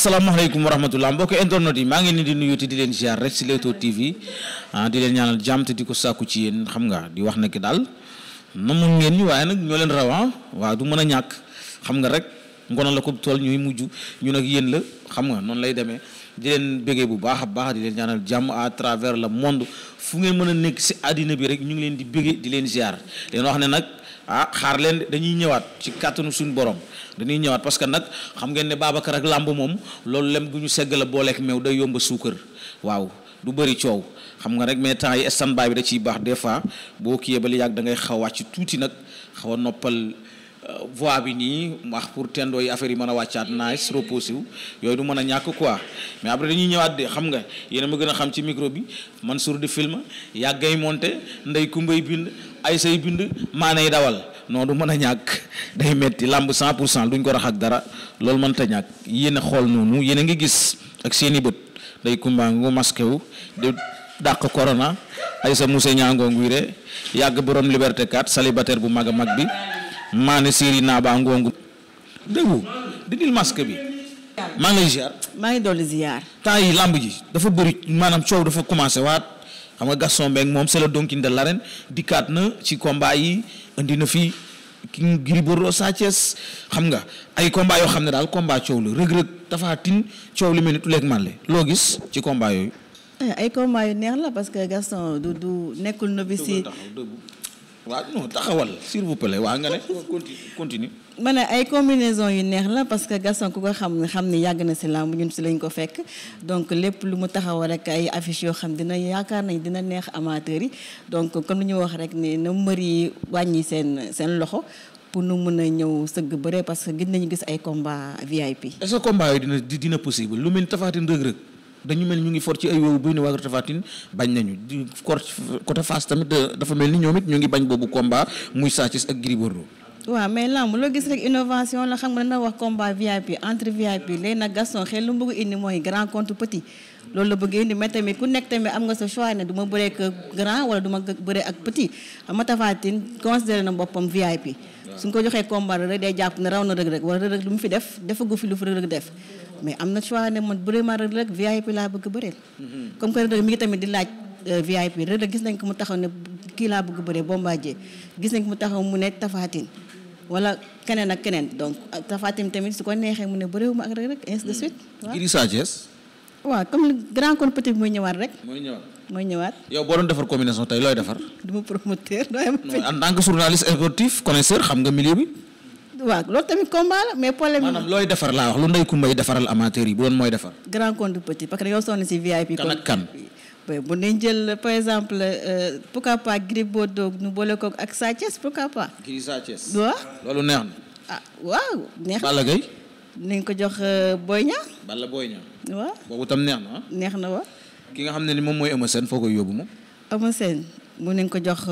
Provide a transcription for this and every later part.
asalaamaaleykum wa rahmatulah mbokki internet yi maa ngi leen di nuyu te di leen ziar rek si Leewtoo TV ah di leen ñaanal jàmm te di ko sàkku ci yéen xam nga di wax nekk daal namoon ngeen ñu waaye nag ñoo leen raw ah waaw du mën a ñàkk xam nga rek ngoon la ko tool ñuy mujj ñu nag yéen la xam nga noonu lay demee. di leen bëggee bu baax a baax di leen ñaanal jàmm à travers la monde fu ngeen mën a nekk si àddina bi rek ñu ngi leen di bëggee di leen ziar leen wax ne nag ah xaar leen dañuy ñëwaat ci kàttanu suñu borom dañuy ñëwaat parce que nag xam ngeen ne Babacar rek làmb moom loolu lem gu ñu segg la booleek meew day yomba suukar waaw du bëri coow xam nga rek mais temps yi stand bi da ciy baax des fois boo kiiyee ba li yàgg da ngay xaw wàcc tuuti nag xaw a noppal voix bi nii wax pour tendoo yi affaire yi mën a wàccaat nice reposé yooyu du mën a ñàkk quoi mais après dañuy ñëwaat de xam nga yéen a ma gën a xam ci micro bi man Mansour di film yàggay monté ndey kumbay bind ay say bind maanay dawal non du mën a ñàkk day metti làmb cent pour cent ko rax dara loolu mënta ñàkk yéen a xool noonu yéen a ngi gis ak seen bët ndey kumbaa ngu masqué wu de dàq corona ay sa Moussa Niango Nguire yàgg borom liberté 4 célibataire bu mag a mag bi maane séeri naa baa ngongu déggu dindil masque bi maa ngi lay ziar maa ngi dolli ziar temps yi làmb ji dafa bëri maanaam coow dafa commencé waat xam nga Gaston Mbengue moom c'est le donkin de l'arène dikkaat na ci combat yi indi na fi ki Gris Bordeaux Sa Thiès xam nga ay combat yoo xam ne daal combat coow la Reug Reug Tapha Tine coow li mel ni tuleeg man le loo gis ci combat yooyu eh, ay combat neex la parce que Gaston du du nekkul novice waa non taxawal s'il vous plaît waa nga ne continue ma ne ay combinaison yu neex la parce que Gaston ku ko xam xam ni yàgg na si làmb ñun si lañ ko fekk donc lépp lu mu taxawal rek ay affiche yoo xam dina yaakaar nañ dina neex amateurs yi donc comme lu ñu wax rek ni na mbër yi wàññi seen seen loxo pour nu mun a ñëw sëgg bëre parce que gis nañu gis ay combat VIP. est-ce que combat yooyu dina dina possible lu mel ni Tapha Tine dañu mel ñu ngi for ci ay woowu buy ne waa Tapha Tine bañ nañu côté Fass tamit dafa mel ni ñoom it ñu ngi bañ boobu combat muy Sa Thiès ak Gris Bordeaux waaw mais lamb loo gis rek innovation la xam nga dana wax combat VIP entre VIP léegi nag Gaston xel lu mu bëgg indi mooy grand contre petit loolu la bëgg indi mais tamit ku nekk tamit am nga sa choix ne du ma bëree ak grand wala du ma bëree ak petit xam nga Tapha Tine considéré na boppam VIP. suñ ko joxee combat day jàpp ne raw na rëg rëg wala rëg rëg fi def defagu fi lu fi def. mais am na choix ne man vraiment Reug Reug VIP laa bëgg bëreel comme que Reug Reug mi ngi tamit di laaj euh, VIP Reug Reug gis nañ ko mu taxaw ne kii laa bëgg bëree Bombardier gis nañ ko mu taxaw mu ne Tapha Tine keneen ak keneen donc Tapha Tine tamit su ko neexee mu ne bëreewuma ak Reug Reug ainsi de suite mm-hmm. waaw comme grand kon petit mooy ñëwaat rek. mooy ñëwaat mooy ñëwaat. yow boo doon defar combinaison tey looy defar. du ma promoteur. en tant que journaliste sportif connaisseur xam nga waaw loolu tamit combat la mais problème. par exemple euh, pourquoi pas Gris Bordeaux ñu ko Sa Thiès Sa Thiès. waaw loolu neex na. ah waaw neex na Balla Gaye. nañ ko jox euh, Boy Niang. Balla Boy Niang. waaw boobu tam neex na ah. neex na wa. ki nga xam ne ni moom mooy Eumeu Sène foo koy yóbbu moom. Eumeu Sène mu nañ ko jox.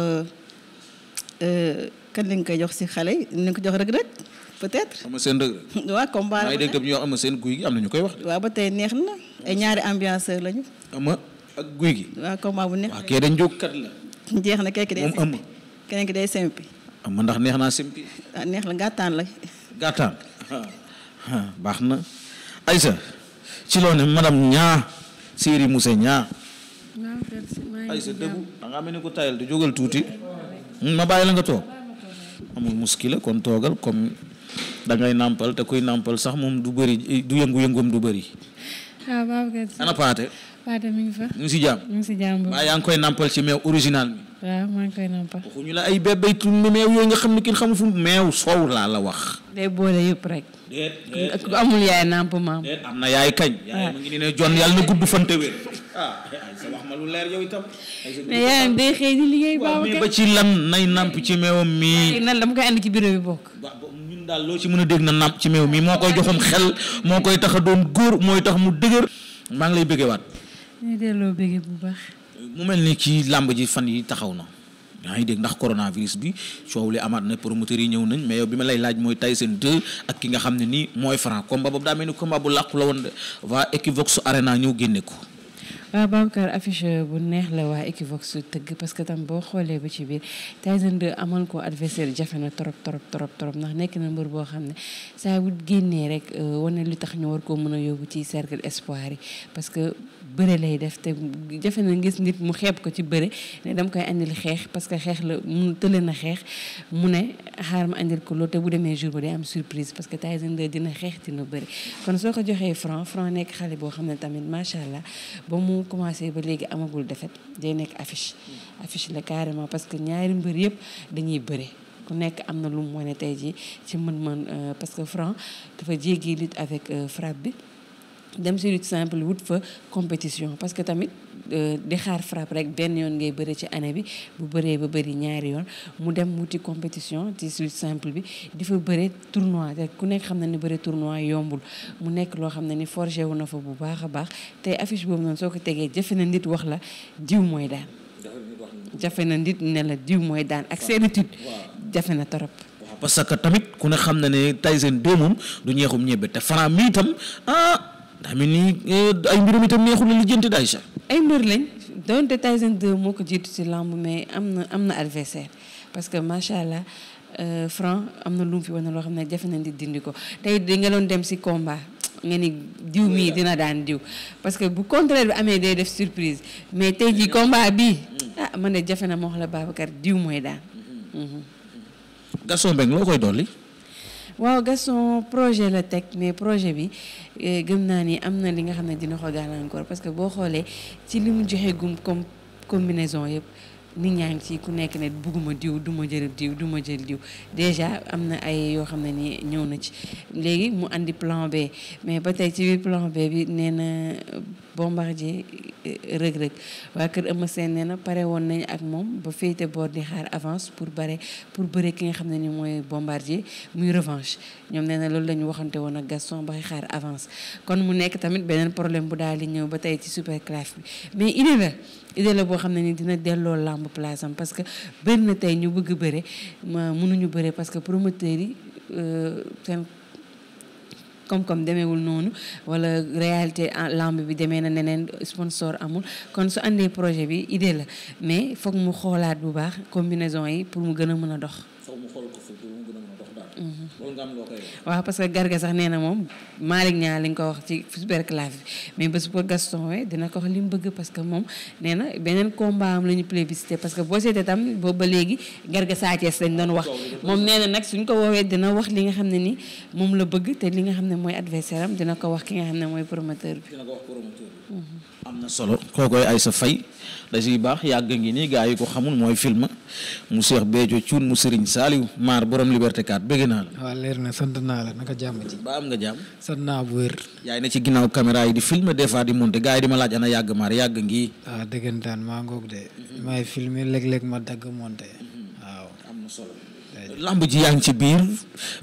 Euh, kan lañ koy jox si xale yi nañ ko jox rek rek peut-être. am na seen rëg na seen guy gi am na ñu koy wax. waaw ba tey neex na ay ñaari ambianceur lañu. ama ak guy gi. waaw bu neex. waaw kii dañ jóg kat la. na kekk day keneen ki day simpi. am ndax neex naa simpi. Ah, neex la gàttaan la. gàttaan baax na. Aïssa ci loolu ne madame ñaa Siri Moussa ñaa Aïssa dëggu da nga amee ne ko tayal di jógal tuuti hmm, ma bàyyi la nga toog. amul muskila kon toogal comme da ngay nàmpal te kuy nàmpal sax moom du bëri du yëngu-yëngoom du bëri. waaw ah, ana paate. paate mi ngi fa. mi si jàmm mi si jàmm. waaye yaa ngi koy nàmpal ci meew original bi. waaw maa koy ay bébé xam ne kin xamu fu meew soow laa la wax. yëpp rek. déet déet nàmp na yaay kañ. Ah. jon yàlla na gudd fan ah, leer yow itam. mais yaayam ci lan mii. nan dama ci bi daal loo ci mën a dégg na nàmp ci meew mii moo koy joxum xel moo koy tax a doon góor mooy tax mu dëgër. maa ngi lay bëggee waat. ñu delloo bëggee bu baax. mu mel ni ci làmb ji fan yi taxaw na yaa ngi dégg ndax coronavirus bi coow li amaat na promoteurs yi ñëw nañ mais yow bi ma lay laaj mooy Tyson 2 ak ki nga xam ne nii mooy Franc combat boobu daa mel ni combat bu làqu la woon de waa Equivox Arena ñëw génne ko waaw Babacar affiche bu neex la waa Equivox tëgg parce que tam boo xoolee ba ci biir Tyson 2 amal ko adversaire jafe na trop trop trop trop ndax nekk na mbër boo xam ne saa bu génnee rek euh, wane li tax ñu war koo mën a yóbbu ci cercle espoir yi parce que bëre lay def te jafe na ngis nit mu xeeb ko ci bëre ne dama koy andil xeex parce que xeex la mu tële na xeex mu ne xaar ma andil ko loolu te bu demee jour ba day am surprise parce que Tyson 2 dina xeex dina bëre kon soo ko joxee franc nekk xale boo xam ne macha allah ñu commencé ba léegi amagul defet day nekk affiche affiche la carrément parce que ñaari mbër yëpp dañuy bëre ku nekk am na lu mu wane tey jii ci mën-mën euh, parce que Franc dafa jéggi lutte avec euh, frappe bi dem si lutte simple wut fa compétition parce que tamit Euh, di xaar frappe rek benn yoon ngay bëri ci année bi bu bëree ba bëri ñaari yoon mu dem wuti compétition ci lutte simple bi di fa bëre tournoi te ku nekk xam na ni bëre tournoi yombul mu nekk loo xam ne ni forgé wu na fa bu baax a baax tey affiche boobu noonu soo ko tegee jafe na nit wax la jiw mooy daan jafe na nit ne la jiw mooy daan ak certitude jafe na torop parce que tamit ku ne xam na ne Tyson deux moom du ñeexum ñebbe te Franc mi itam ah daa mel ni eh, ay mbër lañ donte Tyson 2 moo ko jiitu ci lamb mais am na am na adversaire parce que macha allah euh, Franc am na lu fi fi wane loo xam ne jafe nañ di dindi ko tey di nga doon dem ci combat nga ni diw mii dina daan diw parce que bu contraire bi amee day def surprise mais tey jii combat bi ah man de jafe na moo wax la Babacar diw mooy daan. Gaston Mbengue loo koy dolli. waaw Gaston projet la teg mais projet bi eh, gëm naa ni am na li nga xam ne dina ko gàllankoor parce que boo xoolee ci li mu joxe gum comme combinaison yëpp nit ñaa ci ku nekk ne bugguma diw duma ma jël diw du ma jël diw déjà am na ay yoo xam ne ni ñëw na ci léegi mu andi plan B mais ba tey ci biir plan B bi nee na bombardier euh, rëg-rëg waa kër Eumeu Sène nee na pare woon nañ ak moom ba féete boor di xaar avance pour bare pour bëre ki nga xam ne ni mooy bombardier muy revanche ñoom nee na loolu la waxante woon ak Gaston ba xaar avance kon mu nekk tamit beneen problème bu daal di ñëw ba tey ci super bi mais idée la idée la boo xam ne ni dina delloo làmb nangu place am parce que bëri na tey ñu bëgg bëre ma mënuñu bëre parce que promoteurs yi euh, seen koom-koom demeewul noonu wala réalité lamb bi demee na neneen sponsor amul kon su àndee projet bi idee la mais foog mu xoolaat bu baax combinaison yi pour mu gën a mën a dox nga am loo koy wax. waaw parce sax nee moom Malick Niang li ko wax ci Superclass bi mais bés bu Gaston we dina ko wax li bëgg parce moom nee na beneen combat am la ñu plébiscité que boo seetee tam boobu ba léegi Garga Sa Thiès lañ doon wax. moom nee nag suñ ko woowee dina wax li nga xam ne ni moom la bëgg te li nga xam ne mooy adversaire am dina ko wax ki nga xam ne mooy promoteur bi. Mhm. am na solo kookoy ay sa fay da ciy baax yàgg ngi nii gaa yi ko xamul mooy film mu Cheikh mu Serigne Saliou Mar borom Liberté 4 weer na sant naa la naka jàmm ji. ba am nga jàmm. sant naa bu wér. yaay ne ci ginnaaw caméra yi di filmer des fois di monter gars yi di ma laaj ana yàgg maar yàgg ngi. waaw ah, dëggantaan maa ngoog de. may mm-hmm. filmer léeg-léeg ma dagg monter. Mm-hmm. waaw am na solo. lamb ji yaa ngi ci biir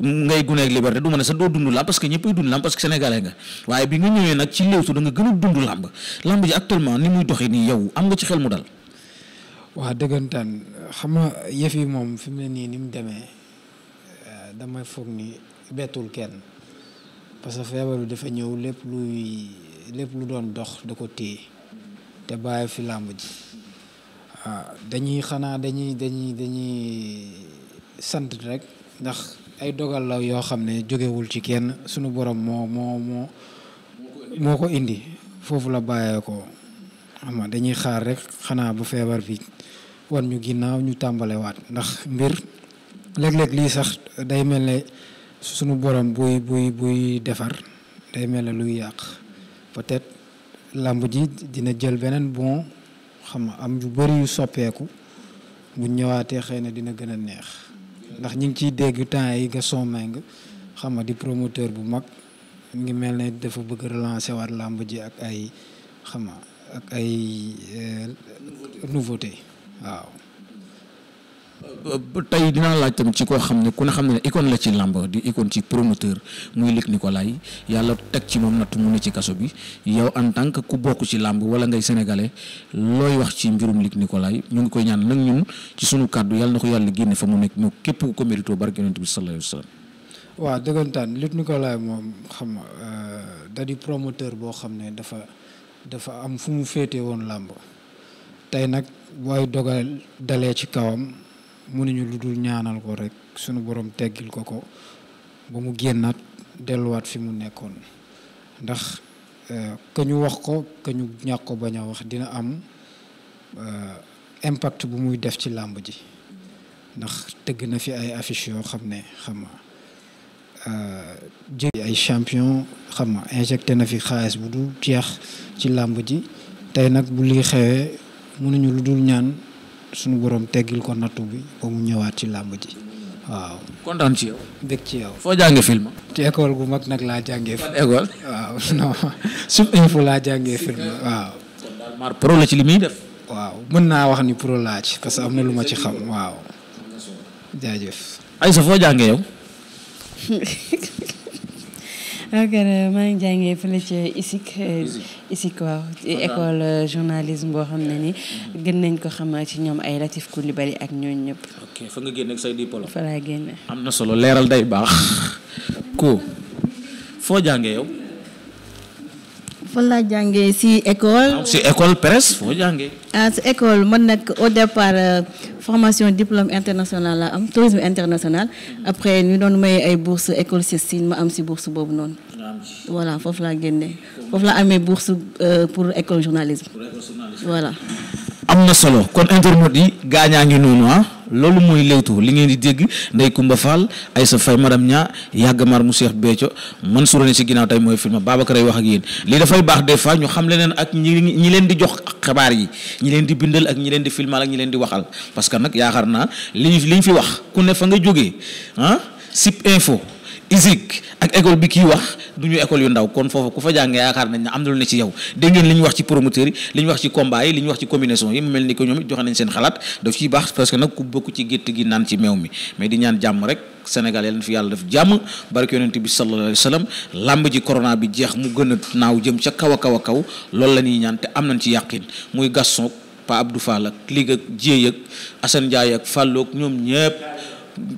ngay guneeg liberté du ma ne sax doo dund lamb parce que ñëppay dund lamb parce que sénégalais nga waaye bi nga ñëwee nag ci Leewtoo da nga gën a dund lamb lamb ji actuellement ni muy doxee nii yow am nga ci xel mu dama foog ni bettul kenn parce que feebar bi dafa ñëw lépp luy lépp lu doon dox da ko téye te bàyyi fi làmb ji waaw ah, dañuy xanaa dañuy dañuy dañuy sant rek ndax ay dogal la yoo xam ne jógewul ci kenn sunu borom moo moo ko indi foofu la bàyyee ko xam dañuy xaar rek xanaa bu feebar bi wan ñu ginnaaw ñu tàmbalewaat ndax mbir léeg-léeg lii sax day mel ne sunu borom buy buy buy defar day mel ne luy yàq peut-être làmb ji dina jël beneen bon xam am yu bëri yu soppeeku bu ñëwaatee xëy na dina gën a neex ndax ñu ngi ciy dégg temps yi Gaston Mbengue xam nga di promoteur bu mag mu ngi mel ne dafa bëgg relancer waat làmb ji ak ay xam nga ak ay euh, nouveauté waaw tey dinaa laaj tamit ci koo xam ne ku ne xam ne icône la ci làmb di icône ci promoteur muy Luc Nicolaï yàlla teg ci moom natt mu ne ci kaso bi yow en tant que ku bokk ci làmb wala ngi koy ñaan nag ñun ci sunu kàddu yàlla na ko yàlla génne fa mu nekk ñu képp ku ko mérito barke yonent bi sallallahu alayhi wa sallam waaw dëggantaan Luc Nicolaï moom xam euh, da promoteur boo xam ne dafa dafa am fu mu féete woon làmb tey nag waaye dogal dalee ci kawam mënuñu lu dul ñaanal ko rek sunu borom teggil ko ko ba mu génnaat delluwaat fi mu nekkoon ndax euh, que ñu wax ko que ñu ñàkk ko bañ wax dina am euh, impact bu muy def ci làmb ji ndax tëgg na fi ay affiche yoo xam ne xam nga euh, jël ay champion xam nga injecté na fi xaalis bu dul jeex ci làmb ji tey nag bu lii xewee mënuñu lu dul ñaan suñu boroom teggil ko nattu bi ba mu ñëwaat ci làmb ji waaw. kontaan ci yow. ci foo jàngee film. ci école bu mag nag laa jàngee. fan école. waaw non sub info laa jàngee film waaw. ci li muy def. waaw mën naa wax ni pro laa ci parce que am na lu ma ci xam waaw. jaajëf. Aïssa foo jàngee yow. ok maa ngi jàngee fële ci ISIC. Euh, ISIC waaw ci école euh, journalisme boo xam ne ni. Mhm. gën nañ ko xam ci ñoom ay Latif Coulibaly ak ñooñu ñëpp. ok fa nga génne ak am na solo leeral day baax. ko foo jàngee yow. fa laa jàngee si école. si ah, école presse foo jàngee. ah si école man nag au départ euh, formation diplôme international la am tourisme international mhm. après ni doon may ay bourse école Cestine ma am si bourse boobu noonu. voilà foofu laa génnee foofu laa amee bourse euh, pour école journalisme voilà am na solo kon internautes yi gaañaa ngi noonu ah loolu mooy Leewtoo li ngeen di dégg Ndeye Coumba Fall Aïssa Faye madame Nia Yaggamar mu Cheikh Béthio Mansour ne ci ginnaaw tey mooy film Babacar ay wax ak yéen lii dafay baax des ñu xam leneen ak ñi leen di jox xabaar yi ñi leen di bindal ak ñi leen di filmal ak ñi leen di waxal parce que nag yaakaar naa li ñu li ñu fi wax ku ne fa nga ah. ISIC ak école bi kii wax du ñu école yu ndaw kon foofu ku fa jàngee yaakaar nañ ne am na lu ne ci yow dégg ngeen li ñu wax ci promoteurs yi li ñu wax ci combat yi mel ni que ñoom it joxe nañ seen xalaat daf ciy baax parce nag ku bokk ci gétt gi naan ci meew mi mais di ñaan jàmm rek Sénégal yal na fi yàlla def jàmm barke yonent bi sallallahu alayhi wa sallam bi jeex mu gën a naaw jëm ca kaw a kaw a kaw loolu la ñuy ñaan te am nañ ci yàqin muy Gaston Pa Abdou Fall ak Ligue ak Dieye ak Assane ak Fallook ñoom ñëpp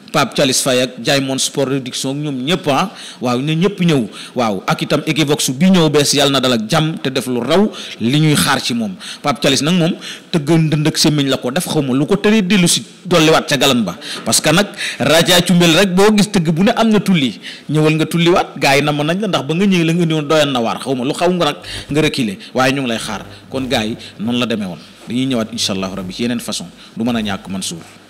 Pape Thialis Faye ak Diamond Sport réduction ñoom ñëpp ah waaw ne ñëpp ñëw waaw ak itam Equivox bi ñëw bees yàlla na dal ak jàmm te def lu raw li ñuy xaar ci moom Pape Thialis nag moom tëggan dënd ak sémmiñ la ko def xaw ma lu ko tëree dellu si dolliwaat ca galan ba parce que nag raja cumbel rek boo gis tëgg bu ne am na tulli ñëwal nga tulliwaat gars yi na nañ la ba nga ñëwee la nga indiwoon doyan na waar xaw ma lu xaw nga nag nga reculer waaye ñu ngi lay xaar kon gars yi noonu la demee woon dañuy ñëwaat incha allahu rabbi ci yeneen façon du mën a ñàkk man suur